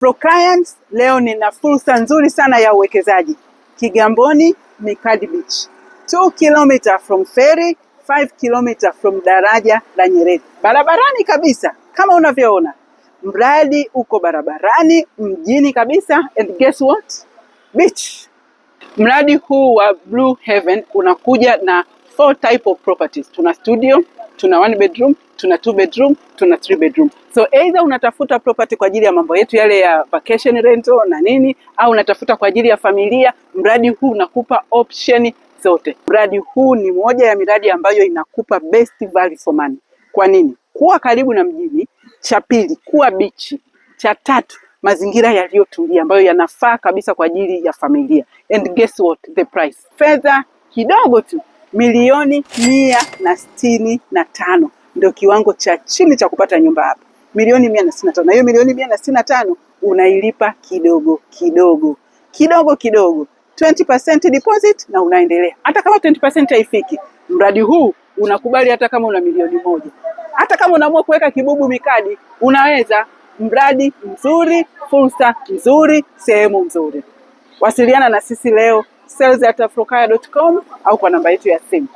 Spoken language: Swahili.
ProClient leo nina fursa nzuri sana ya uwekezaji Kigamboni Mikadi Beach 2 km from ferry 5 km from daraja la Nyerere, barabarani kabisa kama unavyoona, mradi uko barabarani mjini kabisa. And guess what? Beach. Mradi huu wa Blue Heaven unakuja na four type of properties. Tuna studio, tuna one bedroom tuna two bedroom, tuna three bedroom. So either unatafuta property kwa ajili ya mambo yetu yale ya vacation rental na nini, au unatafuta kwa ajili ya familia, mradi huu unakupa option zote. Mradi huu ni moja ya miradi ambayo inakupa best value for money. Kwa nini? Kuwa karibu na mjini, cha pili kuwa bichi, cha tatu mazingira yaliyotulia ambayo yanafaa kabisa kwa ajili ya familia. And guess what, the price, fedha kidogo tu milioni mia na sitini na tano ndio kiwango cha chini cha kupata nyumba hapa, milioni mia na sitini na tano. Na hiyo milioni mia na sitini na tano unailipa kidogo kidogo kidogo kidogo, 20% deposit na unaendelea. Hata kama 20% haifiki, mradi huu unakubali. Hata kama una milioni moja, hata kama unaamua kuweka kibubu mikadi, unaweza. Mradi mzuri, fursa nzuri, sehemu nzuri. Wasiliana na sisi leo sales@afrokaya.com au kwa namba yetu ya simu